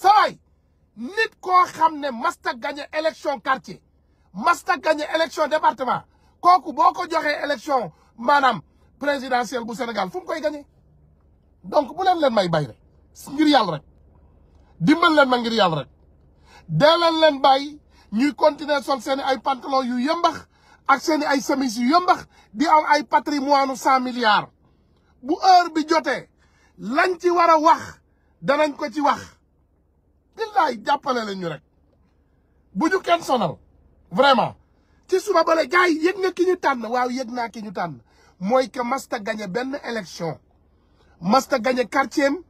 sawaay nit koo xam ne masta gagné élection quartier masta gagné élection département kooku boo ko joxee élection maanaam présidentielle bu Sénégal fu mu koy gagné donc bu leen leen may bay rek ngir yàlla rek dimbal leen ma ngir yàlla rek dee leen leen bàyyi ñuy continuer sol seen ay pantalon yu yëmbax ak seen ay semis yu yëmbax di am ay patrimoine cent milliards bu heure bi jotee lañ ci war a wax danañ ko ci wax billaay jàppale la ñu rek bu ñu sonal vraiment ci suba ba la gars yëg nga ki ñu tànn yëg naa ki ñu tànn mooy que masta gagné benn élection masta gagné quartier am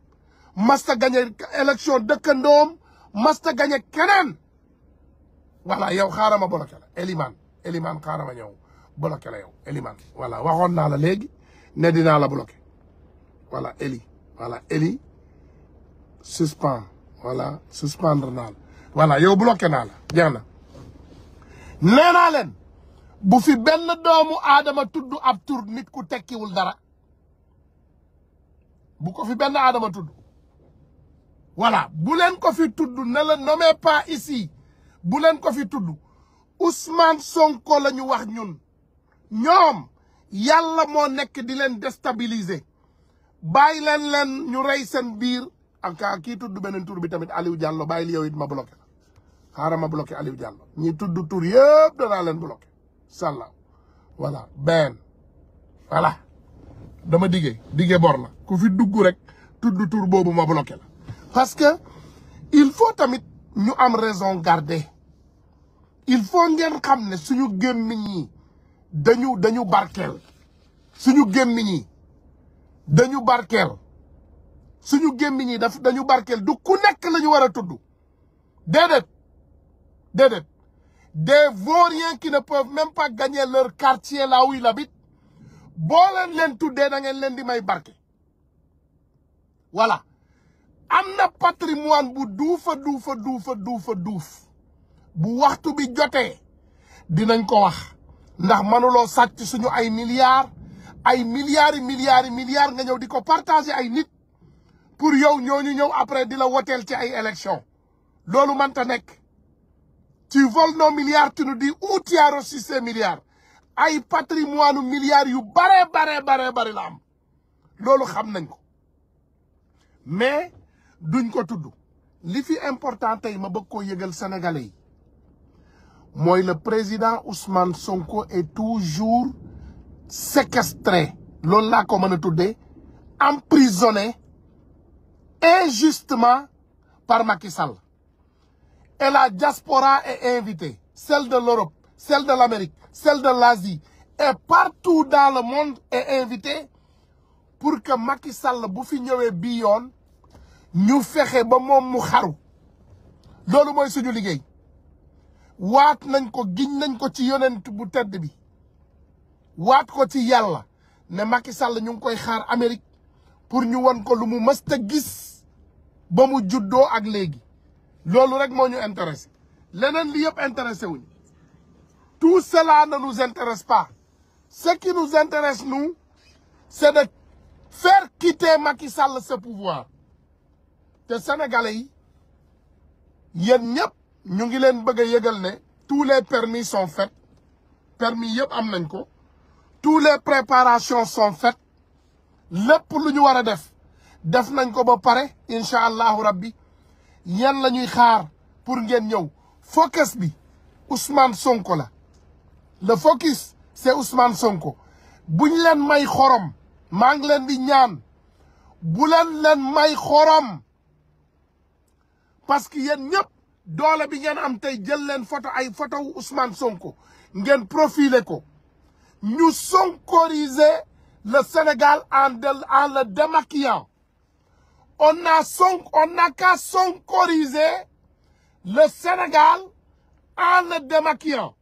masta gagné élection dëkkandoom masta gagné keneen voilà yow xaaral ma bloqué la Eliman Eliman xaaral ma ñëw bloqué la yow Eliman voilà waxoon naa la léegi ne dinaa la bloqué voilà Eli voilà Eli suspend voilà suspendre naa la voilà yow bloqué naa la jeex na nee naa leen bu fi benn doomu aadama tudd ab tur nit ku tekkiwul dara bu ko fi benn aadama tudd voilà bu leen ko fi tudd ne le nommez pas ici bu leen ko fi tudd Ousmane Sonko la ñu wax ñun ñoom yàlla moo nekk di leen déstabiliser bàyyi leen leen ñu rey seen biir ak kii tudd beneen tur bi tamit Aliou Diallo bàyyil yow it ma bloqué la xaaral ma bloqué Aliou Diallo ñi tudd tur yëpp danaa leen bloqué sàlla voilà benn voilà dama diggee diggee bor la ku fi dugg rek tudd tur boobu ma bloqué parce que il faut tamit ñu am raison garder il faut ngeen xam ne suñu gémmiñ ñi dañu dañu barkeel suñu gémmiñ ñi dañu barkeel suñu gémmiñ yi daf dañu barkeel du ku nekk lañu ñu war a tudd déedéet déedéet des vauriens qui ne peuvent même pas gagner leur quartier là où ils habitent boo leen leen tuddee da ngeen leen di may barke voilà am na patrimoine bu duufa duufa duufa duufa duuf bu waxtu bi jotee dinañ ko wax ndax mënuloo sàcc suñu ay milliards ay milliards yi milliards yi milliards nga ñëw di ko partager ay nit pour yow ñoo ñu ñëw après di la woteel ci ay élections loolu mënta nekk ci voles nos milliards di nous dis où tu as reçu ces milliards ay patrimoine milliards yu bare bare bare bare la am loolu xam nañ ko mais duñ ko tudd li fi important tey ma bëgg koo yëgal sénégalais yi mooy le président Ousmane Sonko est toujours séquestré loolu laa ko mën a tuddee emprisonné injustement par Macky Sall. Et la diaspora est invitée, celle de l'Europe, celle de l'Amérique, celle de l'Asie, et partout dans le monde est invitée pour que Macky Sall bu fi ñëwee bi yoon ñu fexe ba moom mu xaru loolu mooy suñu liggéey waat nañ ko giñ nañ ko ci yonent bu tedd bi waat ko ci yàlla ne Macky Sall ñu ngi koy xaar Amérique pour ñu won ko lu mu mës gis ba mu juddoo ak léegi loolu rek mooñu ñu leneen li yëpp intéressé wuñu tout cela ne nous intéresse pas ce qui nous intéresse nous c'est de faire quitter Macky Sall ce pouvoir te sénégalais yi yéen ñëpp ñu ngi leen bëgg a yëgal ne tous les permis sont faits permis yëpp am nañ ko tous les préparations sont faites lépp lu ñu war a def def nañ ko ba pare incha allahu rabbi yan la ñuy xaar pour ngeen ñëw focus bi Ousmane Sonko la le focus c'est Ousmane Sonko buñ leen may xorom maa ngi leen bi ñaan bu leen leen may xorom parce que yéen ñëpp doole bi ngeen am tey jël leen foto ay photo wu Sonko ngeen profiler ko ñu sonkoriser le Sénégal en en le démaquillant on a son, on n'a qu'à soncoriser le Sénégal en le démaquillant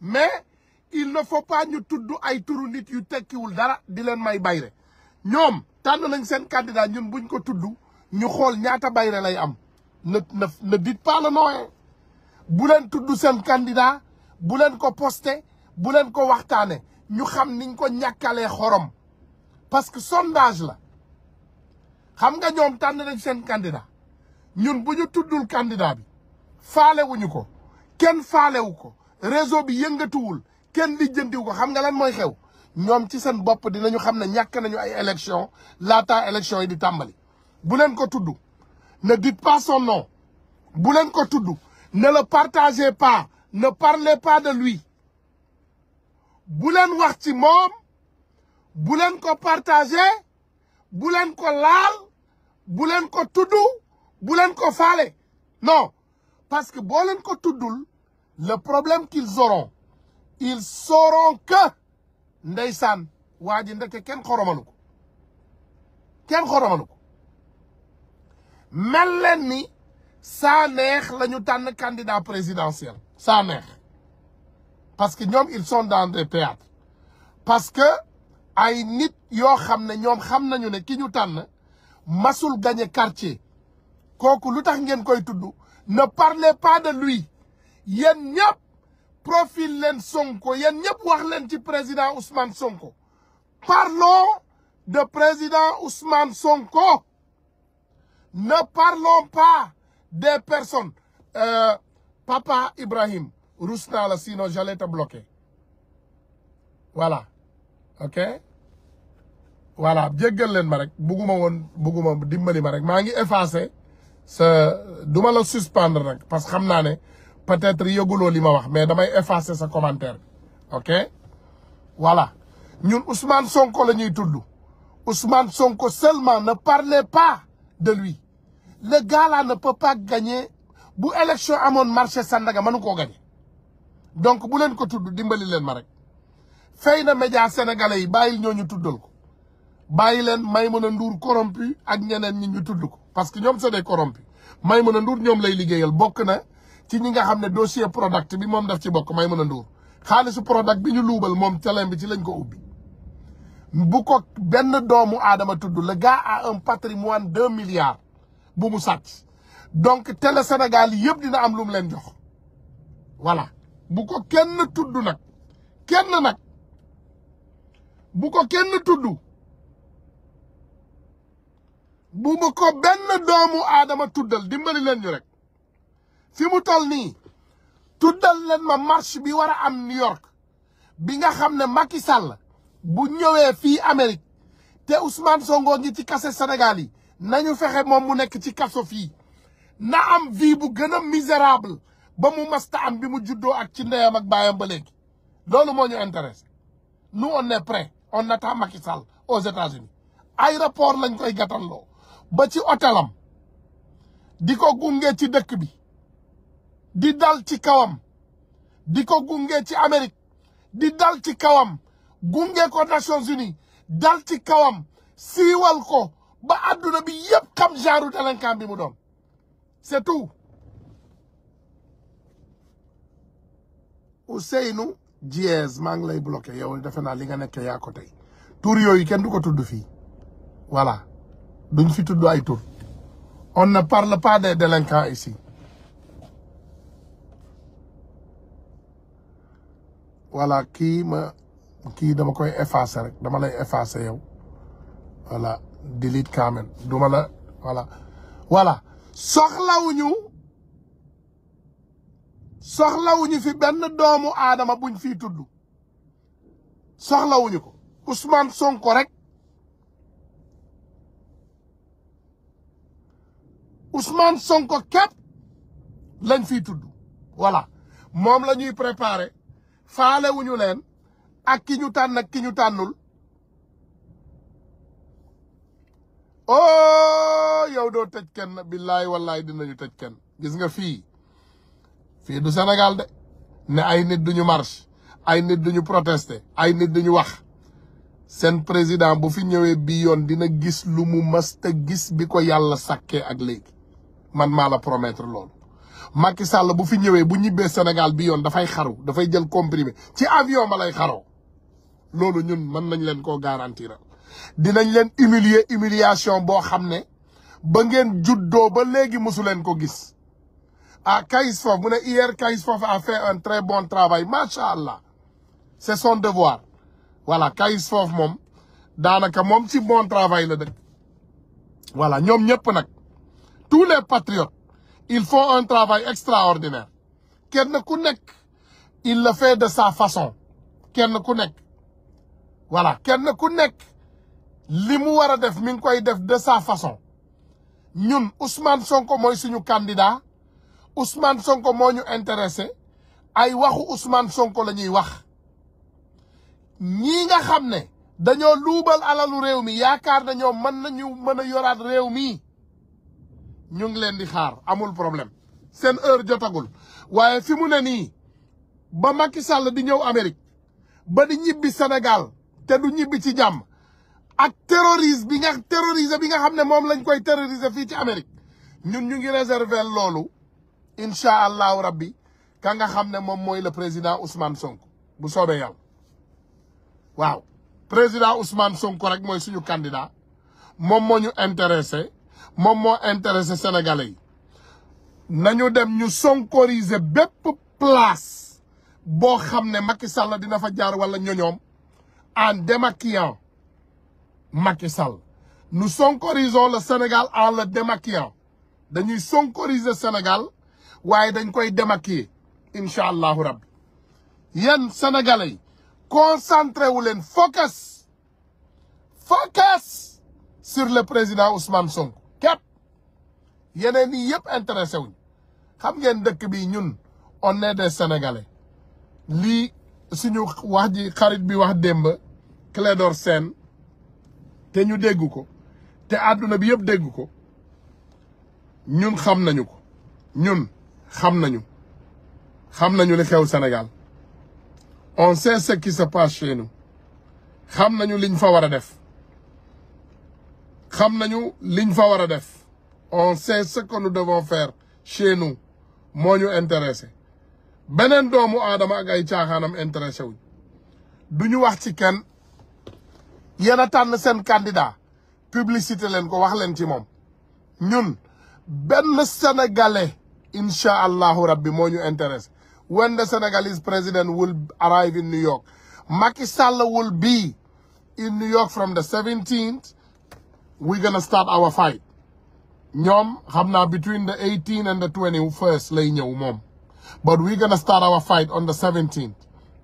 mais il ne faut pas ñu tudd ay turu nit yu tekkiwul dara di leen may bayre ñoom tànn nañ seen candidat ñun buñ ko tuddu ñu xool ñaata bayre lay am ne ne ne dites pas le nom bu leen tudd seen candidat bu leen ko posté bu leen ko waxtaane ñu xam niñ ko ñàkkalee xorom parce que sondage la xam nga ñoom tànn nañ seen candidat ñun bu ñu tuddul candidat bi faalewuñu ko kenn faalewu ko réseau bi yëngatuwul kenn lijjantiwu ko xam nga lan mooy xew ñoom ci seen bopp dinañu xam ne ñàkk nañu ay élection laataa élection yi di tàmbali bu leen ko tudd ne dites pas son bu leen ko tuddu ne le partagez pas na parlez pas de lui bu leen wax ci moom bu leen ko partager bu ko laal bu leen ko tudd bu leen ko faale non parce que boo leen ko tuddul le problème qu'ils auront ils sauront que ndeysaan waa ji ndeke kenn xoromalu ko kenn xoromalu ko mel leen ni saa neex la ñu tànn candidat présidentiel saa neex parce que ñoom ils sont dans des théâtres parce que ay nit yoo xam ne ñoom xam nañu ne ki ñu tànn masul gagné quartier kooku lu tax ngeen koy tudd ne parlez pas de lui yéen ñëpp profil leen Sonko yan ñëpp wax leen ci président Ousmane Sonko parlons de président Ousmane Sonko ne parlons pas des personnes euh, papa Ibrahim rus naa la sinon j'allais te bloquer voilà ok voilà jéggal leen ma rek bugguma woon bugguma dimbali ma rek maa ngi effacé sa duma la suspendre rek parce que xam naa ne peut-être yëguloo li ma wax mais damay effacer sa commentaire bi ok voilà ñun Ousmane Sonko la ñuy tudd Ousmane Sonko seulement ne parlez pas de lui le gars là ne bu élection amoon marché Sandaga mënu koo gagner donc bu leen ko tudd dimbali leen ma rek fay na média sénégalais yi bàyyil ñoo ñu tuddal ko bàyyi leen Maïmouna Ndour corrompu ak ñeneen ñi ñu tudd ko parce que ñoom c'est des corrompus Maïmouna nduur ñoom lay liggéeyal bokk na ci ñi nga xam ne dossier Prodac bi moom def ci bokk may Maïmouna Ndour xaalisu Prodac bi ñu luubal moom telem bi ci lañ ko ubbi bu ko benn doomu aadama tudd la gars a un patrimoine deux milliards bu mu sàcc donc télé Sénégal yëpp dina am lu mu leen jox voilà bu ko kenn tudd nag kenn bu ko kenn tudd bu ma ko benn doomu aadama tuddal dimbali leen ñu rek fi mu toll nii tuddal leen ma marche bi war a am New York bi nga xam ne Macky Sall bu ñëwee fii Amérique te Ousmane Sonko ngi ci kase Sénégal yi nañu fexe moom mu nekk ci kaso fii na am vie bu gën a misérable ba mu masta am bi mu juddoo ak ci ndeyam ak baayam ba léegi loolu moo ñu intéressé nous on est on attend Macky Sall aux États-Unis aéroport lañ koy gàttanloo ba ci otelam di ko gunge ci dëkk bi di dal ci kawam di ko gunge ci Amérique di dal ci kawam gunge ko Nations Unies dal ci kawam siiwal ko ba adduna bi yëpp xam genre délinquant bi mu doon c'est tout Ousseynou Diez maa ngi lay bloqué yow defe naa li nga nekk yaa ko tey tur yooyu kenn du ko tudd fii voilà duñ fi tudd ay tur on par parle pas des délinquants ici voilà kii ma kii dama koy effacer rek dama lay effacer yow voilà delete comment duma la voilà voilà soxlawuñu soxlawuñu fi benn doomu aadama buñ fiy tudd soxlawuñu ko Ousmane Sonko rek Ousmane Sonko képp lañ fi tudd voilà moom la ñuy préparé faale wuñu leen ak ki ñu tànn ak ki ñu tànnul oh yow doo tëj kenn billaay wallaay dinañu tëj kenn gis nga fii fii du Sénégal de ne ay nit duñu marche ay nit duñu protester ay nit duñu wax seen président bu fi ñëwee bi yoon dina gis lu mu mësta gis bi ko yàlla sàkkee ak léegi man maa la promettre loolu Macky Sall bu fi ñëwee bu ñibbee Sénégal bi yoon dafay xaru dafay jël comprimé ci avion ba lay xaroo loolu ñun mën nañ leen koo garantiral dinañ leen humilier humiliation boo xam ne ba ngeen juddoo ba léegi mosu leen ko gis à Caïsfof mu ne hier Caïsfof a fait un très bon travail macha allah c'est son devoir voilà Caïsfof moom daanaka moom ci bon travail la dëkk. voilà ñoom ñëpp nag tous les patriotes il font un travail extraordinaire kenn ku nekk il le fait de sa façon kenn ku nekk voilà kenn ku nekk li mu war a def mi ngi koy def de sa façon ñun Ousmane Sonko mooy suñu candidat. Ousmane Sonko moo ñu intéressé ay waxu Ousmane Sonko la ñuy wax ñii nga xam ne dañoo luubal alalu réew mi yaakaar nañoo mën nañu mën a yoraat réew mi ñu ngi leen di xaar amul problème seen heure jotagul waaye fi mu ne nii ba Macky Sall di ñëw Amérique ba di ñibbi Sénégal te du ñibbi ci jàmm ak terrorise bi nga terroriser bi nga xam ne moom lañ koy terroriser fii ci Amérique ñun ñu ngi réserver loolu incha allahu rabbi ka nga xam ne moom mooy le président Ousmane Sonko bu soobee yàlla waaw président Ousmane Sonko rek mooy suñu candidat moom moo ñu intéressé moom moo intéressé sénégalais yi nañu dem ñu sonkoriser bépp place boo xam ne Macky Sall dina fa jaar wala ñoñoom en démaquillant Macky Sall nous sonkorisons le Sénégal en le démaquillant dañuy sonkoriser Sénégal waaye dañ koy démaquiller incha allahu rabbi yan sénégalais yi concentré wu leen focus focus sur le président Ousmane Sonko képp yeneen yi yëpp intéressé wuñ xam ngeen dëkk bi ñun on est des sénégalais lii suñu wax ji xarit bi wax démb Clédor seen te ñu dégg ko te àdduna bi yëpp dégg ko ñun xam nañu ko ñun xam nañu xam nañu li xew Sénégal on sait ce qui se passe chez xam nañu liñ fa war a def xam nañu liñ fa war a def on sait ce que nous devons faire chez nous moo ñu intéressé beneen doomu aadama ak ay caaxaanam intéressé wuñ du ñu wax ci kenn yéen a tànn seen candidat publicité leen ko wax leen ci moom ñun benn sénégalais incha allahu rabbi moo ñu intéressé when the Senegalese president will arrive in New York Macky Sall will be in New York from the 17th we're gonna start our fight ñoom xam naa between the 18 and the 21st lay ñëw moom but we're gonna start our fight on the 17th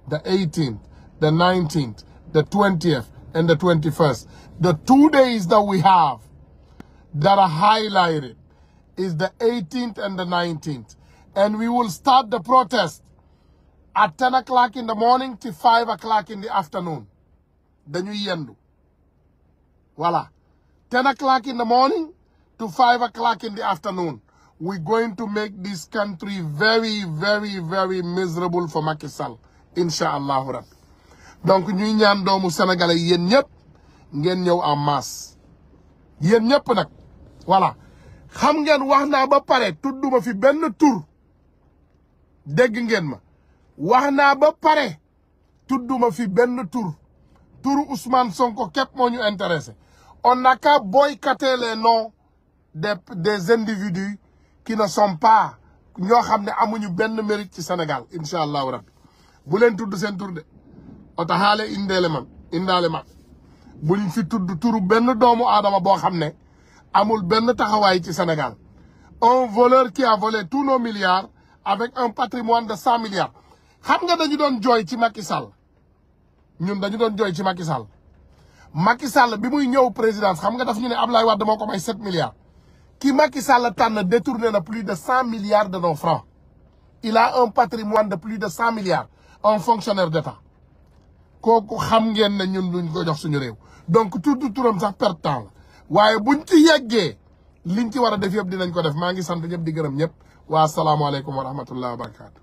the 18th the 19th the 20th and the 21st the two days that we have that are highlighted is the 18th and the 19th. And we will start the protest at 10 o'clock in the morning to 5 o'clock in the afternoon. dañuy yendu voilà 10 o'clock in the morning to 5 o'clock in the afternoon. We're going to make this country very, very, very miserable for Macky Sall. incha allahu rabbi donc ñuy ñaan doomu sénégalais yéen ñëpp ngeen ñëw en masse yéen ñëpp nag xam ngeen wax naa ba pare tudduma fi benn tur dégg ngeen ma wax naa ba pare tudduma fi benn tur turu Ousmane Sonko képp moo ñu intéressé on n'a qu'à no les noms des des individus qui ne sont pas ñoo xam ne amuñu benn mérite ci Sénégal incha allahu rabbi bu leen tudd seen tur de ota xaale indeele man indaale man buñ fi tudd turu benn doomu aadama boo xam ne amul benn taxawaay ci Sénégal un voleur ki a volé tout nos milliards avec un patrimoine de cent milliards xam nga dañu doon jooy ci Macky Sall ñun dañu doon jooy ci Macky Sall Macky bi muy ñëw présidence xam nga daf ñu ne Ablaye Wade moo ko may sept milliards ki Macky Sall tànn détourné na plus de cent milliards de nos francs il a un patrimoine de plus de cent milliards un fonctionnaire d'État kooku xam ngeen ne ñun duñ ko jox suñu réew donc tudd turam sax perte temps waaye buñ ci yeggee liñ ci war a def yëpp dinañ ko def maa ngi sant ñëpp di gërëm ñëpp waa salaamualeykum wa rahmatullah wa barakaatu.